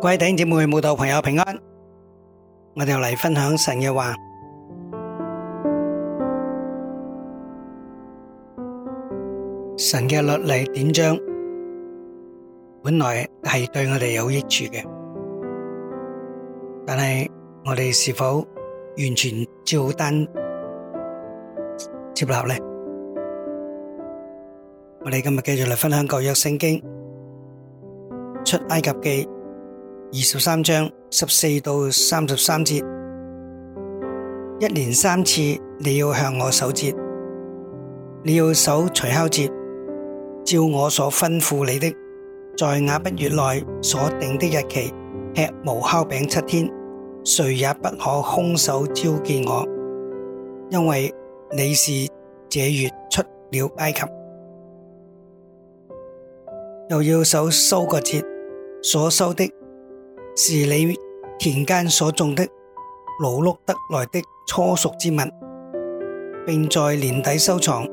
弟兄姐妹、信徒朋友平安，我哋又嚟分享神嘅話。神嘅律例典章，本來係對我哋有益處嘅，但係我哋是否完全照單接納呢？我哋今日繼續嚟分享舊約聖經出埃及記。二十三章十四到三十三節，一年三次你要向我守節，你要守除酵節，照我所吩咐你的，在亞筆月內所定的日期，吃無酵餅七天，誰也不可空手朝見我，因為你是這月出了埃及，又要守收割節，所收的。是你田間所種的勞碌得來的初熟之物，並在年底收藏。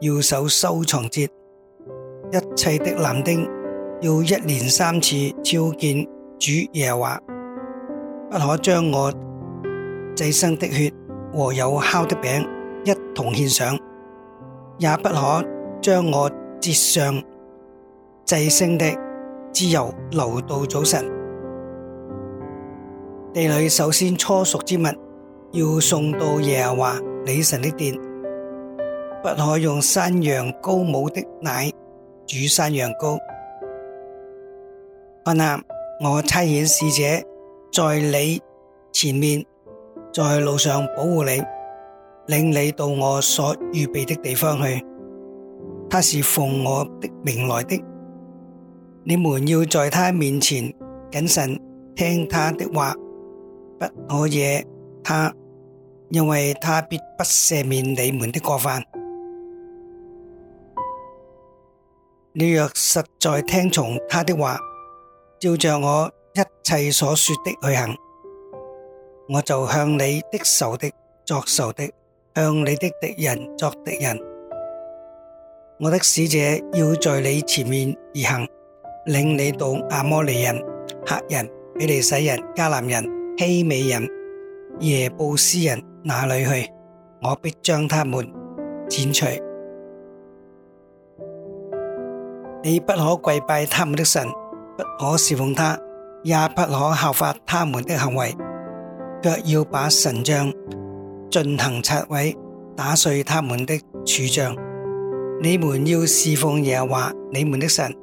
要守收藏節，一切的男丁要一年三次召見主耶華，不可將我祭牲的血和有酵的餅一同獻上，也不可將我節上祭牲的脂油留到早晨。地裏首先初熟之物要送到耶和華你神的殿，不可用山羊羔母的奶煮山羊羔。看哪，我差遣使者在你前面，在路上保護你，領你到我所預備的地方去。他是奉我的名來的，你們要在他面前謹慎，聽他的話。不可惹他，因為他必不赦免你們的過犯。你若實在聽從他的話，照着我一切所說的去行，我就向你的仇的、作仇的、向你的敵人作敵人。我的使者要在你前面而行，領你到阿摩利人、黑人、比利使人、迦南人。希美人、耶布斯人那裏去，我必將他們剪除。你不可跪拜他們的神，不可侍奉他，也不可效法他們的行為，却要把神像進行拆毀，打碎他們的柱像。你們要侍奉耶和華你們的神，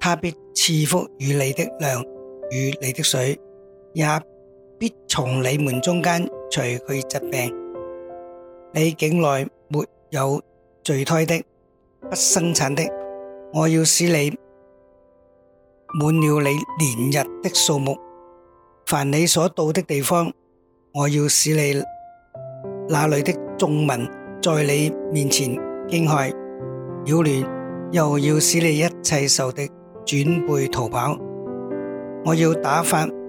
他必賜福與你的糧，與你的水。也必從你們中間除去疾病。你境內沒有墜胎的、不生產的，我要使你滿了你年日的數目。凡你所到的地方，我要使你那裏的眾民在你面前驚駭擾亂，又要使你一切受敵轉背逃跑。我要打發。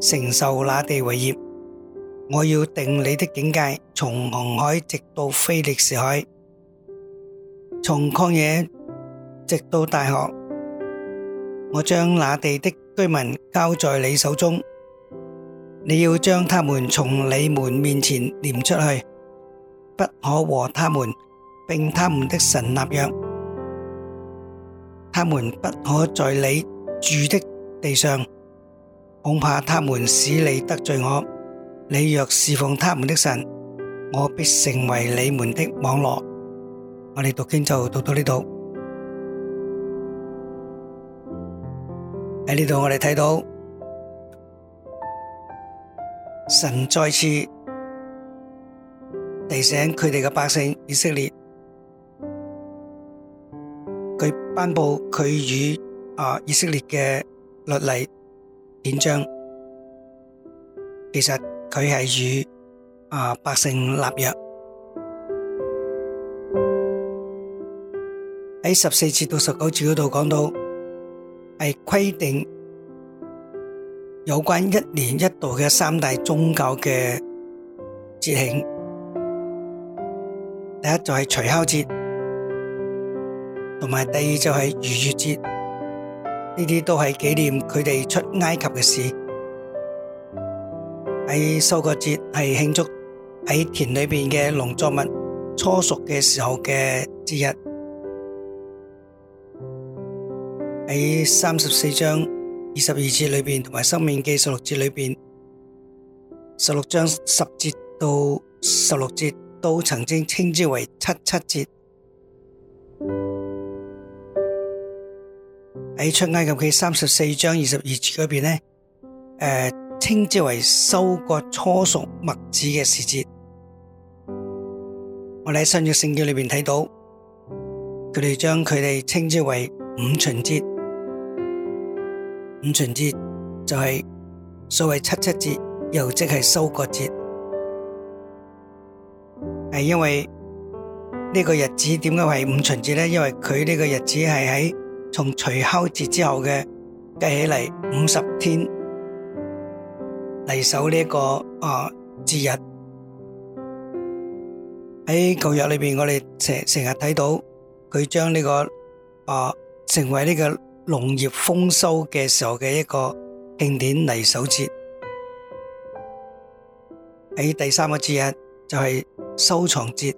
承受那地為業，我要定你的境界，從紅海直到非利士海，從曠野直到大河。我將那地的居民交在你手中，你要將他們從你們面前攆出去，不可和他們並他們的神立約，他們不可在你住的地上。恐怕他們使你得罪我，你若侍奉他們的神，我必成為你們的網羅。我哋讀經就讀到呢度，喺呢度我哋睇到神再次提醒佢哋嘅百姓以色列，佢頒布佢與啊以色列嘅律例。篇章其實佢係與啊百姓立約，喺十四節到十九節嗰度講到係規定有關一年一度嘅三大宗教嘅節慶，第一就係除酵節，同埋第二就係逾越節。呢啲都係紀念佢哋出埃及嘅事，喺收割節係慶祝喺田裏邊嘅農作物初熟嘅時候嘅節日。喺三十四章二十二節裏邊，同埋申命記十六節裏邊，十六章十節到十六節都曾經稱之為七七節。喺出埃及記三十四章二十二節嗰邊咧，誒稱之為收割初熟麥子嘅時節。我哋喺新約聖經裏邊睇到，佢哋將佢哋稱之為五旬節。五旬節就係所謂七七節，又即係收割節。係因為呢個日子點解係五旬節咧？因為佢呢個日子係喺。從除酵節之後嘅，計起嚟五十天嚟守呢、這個啊節日。喺舊約裏邊，我哋成成日睇到佢將呢、這個啊成為呢個農業豐收嘅時候嘅一個慶典嚟守節。喺第三個節日就係、是、收藏節，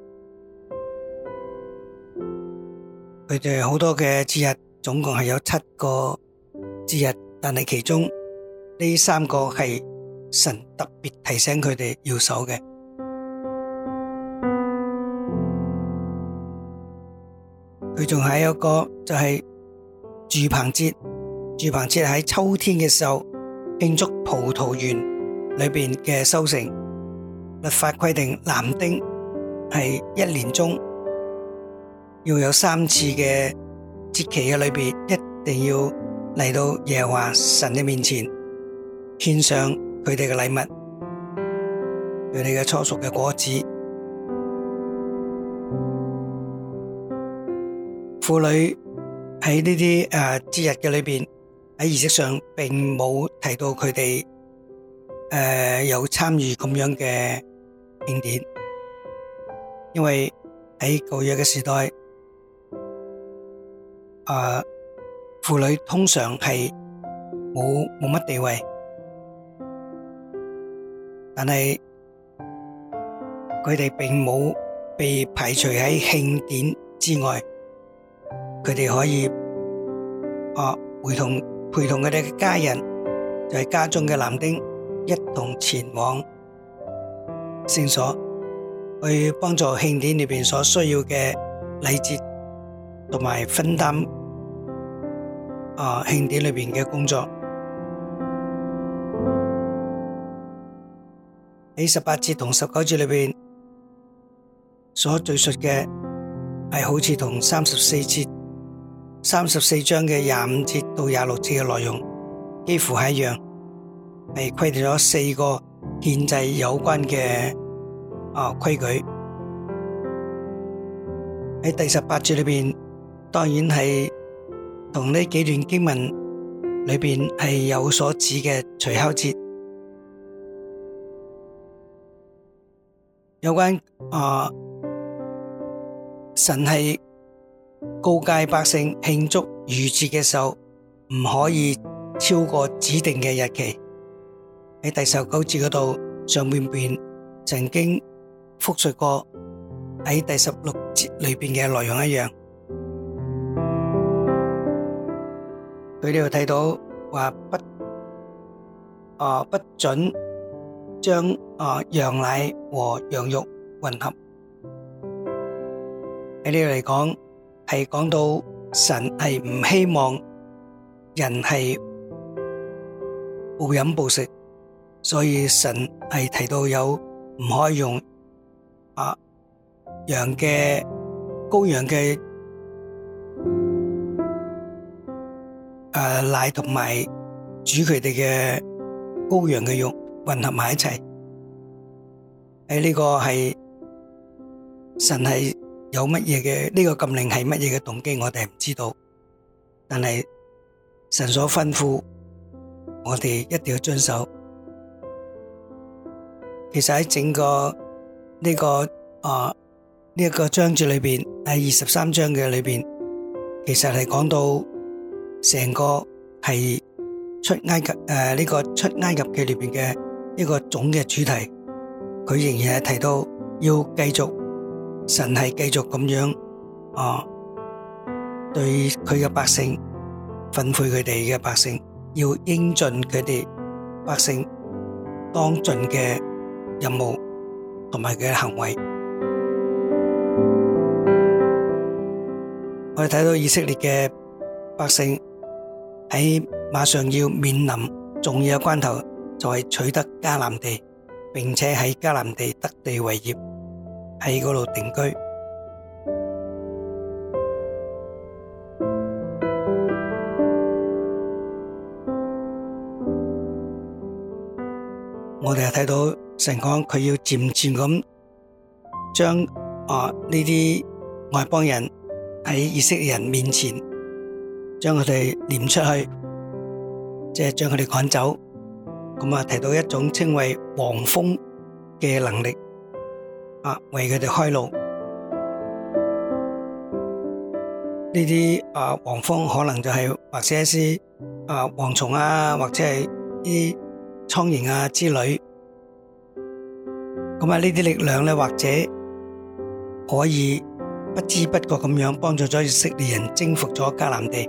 佢哋好多嘅節日。總共係有七個節日，但係其中呢三個係神特別提醒佢哋要守嘅。佢仲有一個就係住棚節，住棚節喺秋天嘅時候慶祝葡萄園裏邊嘅收成。律法規定男丁係一年中要有三次嘅。節期嘅裏面一定要嚟到耶和華神嘅面前，獻上佢哋嘅禮物，佢哋嘅初熟嘅果子。婦女喺呢啲誒節日嘅裏面，喺儀式上並冇提到佢哋，呃、有參與咁樣嘅盛典，因為喺舊約嘅時代。誒，婦女通常係冇冇乜地位，但係佢哋並冇被排除喺慶典之外，佢哋可以啊陪同陪同佢哋嘅家人，就係家中嘅男丁一同前往聖所，去幫助慶典裏邊所需要嘅禮節同埋分擔。啊！慶典裏邊嘅工作喺十八節同十九節裏邊所敘述嘅，係好似同三十四節、三十四章嘅廿五節到廿六節嘅內容，幾乎係一樣，係規定咗四個憲制有關嘅啊規矩。喺第十八節裏邊，當然係。同呢幾段經文裏邊係有所指嘅除酵節，有關啊、呃、神係告誡百姓慶祝逾節嘅時候，唔可以超過指定嘅日期。喺第十九節嗰度上面邊曾經複述過喺第十六節裏邊嘅內容一樣。佢哋又睇到話不啊，不准將啊羊奶和羊肉混合，喺呢度嚟講係講到神係唔希望人係暴飲暴食，所以神係提到有唔可以用啊羊嘅羔羊嘅。誒、啊，奶同埋煮佢哋嘅羔羊嘅肉混合埋一齊，喺、哎、呢、這個係神係有乜嘢嘅？呢、這個禁令係乜嘢嘅動機？我哋係唔知道，但係神所吩咐我哋一定要遵守。其實喺整個呢、這個啊呢一、這個章節裏邊喺二十三章嘅裏邊，其實係講到。成個係出埃及誒，呢個出埃及裏面嘅一個總嘅主題，佢仍然係提到要繼續神係繼續咁樣啊對佢嘅百姓訓誨佢哋嘅百姓，要應盡佢哋百姓當盡嘅任務同埋佢嘅行為。我哋睇到以色列嘅。百姓喺馬上要面臨重要關頭，就係取得迦南地，並且喺迦南地得地為業，喺嗰度定居。我哋又睇到神講佢要漸漸咁將啊呢啲外邦人喺以色列人面前。將佢哋攆出去，即係將佢哋趕走。咁啊，提到一種稱為黃蜂嘅能力，啊，為佢哋開路。呢啲啊黃蜂可能就係或者係啲啊蝗蟲啊，或者係啲蒼蠅啊之類。咁啊，呢啲力量咧，或者可以不知不覺咁樣幫助咗以色列人征服咗迦南地。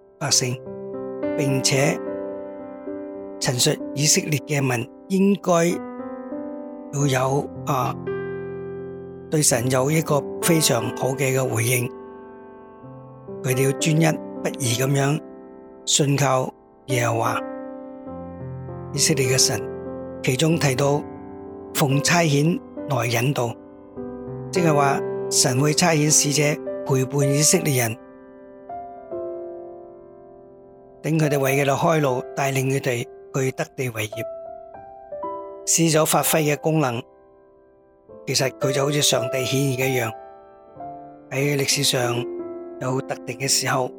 百姓，並且陳述以色列嘅民應該要有啊，對神有一個非常好嘅嘅回應，佢哋要專一不二咁樣信靠耶和華以色列嘅神。其中提到奉差遣來引導，即係話神會差遣使者陪伴以色列人。等佢哋為佢哋開路，帶領佢哋去得地為業，施展發揮嘅功能。其實佢就好似上帝顯現一樣，喺歷史上有特定嘅時候，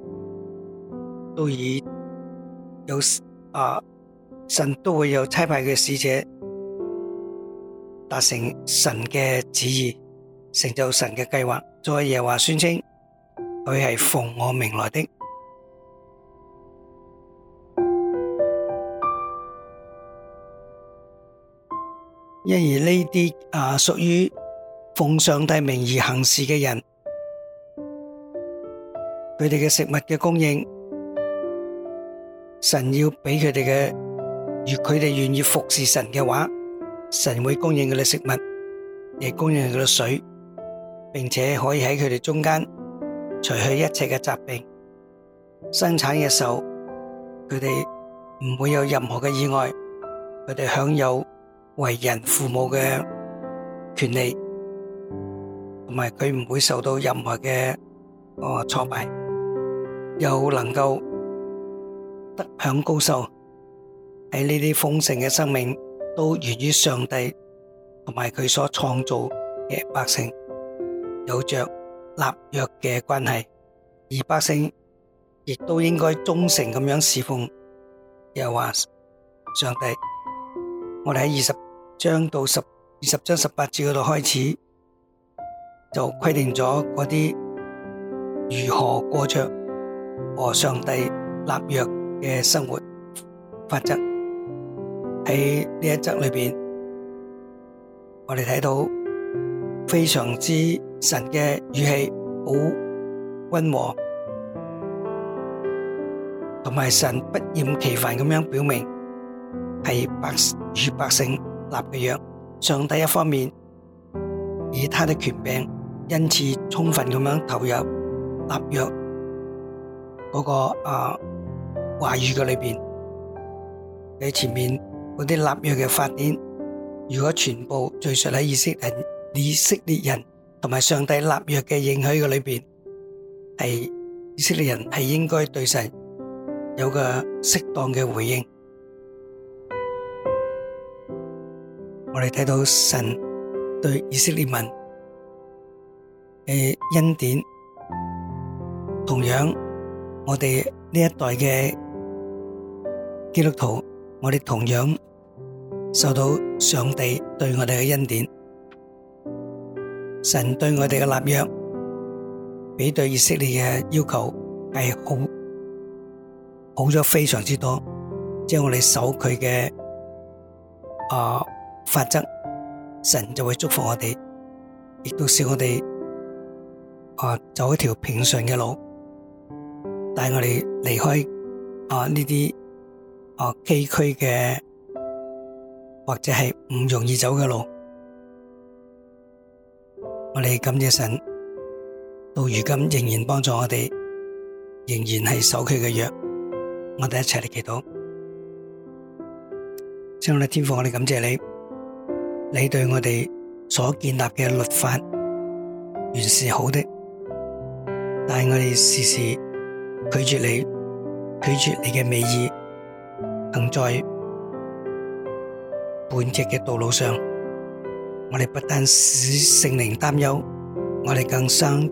都以有啊神都會有差派嘅使者達成神嘅旨意，成就神嘅計劃。作為耶華宣稱佢係奉我命來的。因而呢啲啊，屬於奉上帝名義行事嘅人，佢哋嘅食物嘅供應，神要俾佢哋嘅，如佢哋願意服侍神嘅話，神會供應佢哋食物，亦供應佢哋水，並且可以喺佢哋中間除去一切嘅疾病，生產嘅時候，佢哋唔會有任何嘅意外，佢哋享有。為人父母嘅權利，同埋佢唔會受到任何嘅挫敗，又能夠得享高壽。喺呢啲豐盛嘅生命，都源於上帝同埋佢所創造嘅百姓有着立約嘅關係，而百姓亦都應該忠誠咁樣侍奉，又話上帝。我哋喺二十章到十二十章十八節嗰度開始，就規定咗嗰啲如何過着和上帝立約嘅生活法則。喺呢一則裏面，我哋睇到非常之神嘅語氣好温和，同埋神不厭其煩咁樣表明。係白與百姓立嘅約，上帝一方面以他的權柄，因此充分咁樣投入立約嗰個啊話語嘅裏邊。喺前面嗰啲立約嘅發展，如果全部敘述喺以色列人同埋上帝立約嘅應許嘅裏邊，係以色列人係應該對神有個適當嘅回應。我哋睇到神對以色列民嘅恩典，同樣我哋呢一代嘅基督徒，我哋同樣受到上帝對我哋嘅恩典，神對我哋嘅立約，比對以色列嘅要求係好好咗非常之多，即係我哋守佢嘅啊，法則，神就會祝福我哋，亦都使我哋啊走一條平順嘅路，帶我哋離開啊呢啲啊崎嶇嘅或者係唔容易走嘅路。我哋感謝神，到如今仍然幫助我哋，仍然係守佢嘅約。我哋一齊嚟祈禱，親愛嘅天父，我哋感謝你。你對我哋所建立嘅律法原是好的，但係我哋時時拒絕你，拒絕你嘅美意，行在叛逆嘅道路上。我哋不但使聖靈擔憂，我哋更傷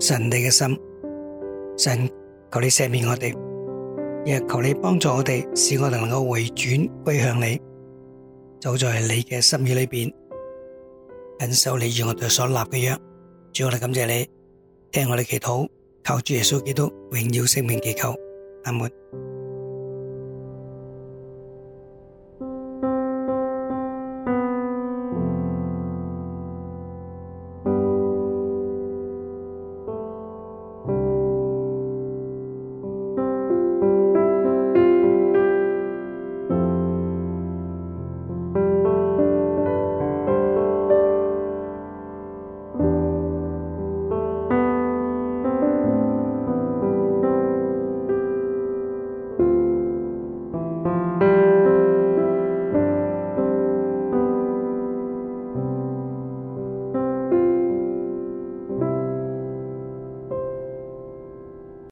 神地嘅心。神求你赦免我哋，亦求你幫助我哋，使我能夠回轉歸向你。就在你嘅心意裏邊，忍受你與我哋所立嘅約。主，我哋感謝你，聽我哋祈禱，靠主耶穌基督榮耀聖名祈求。阿門。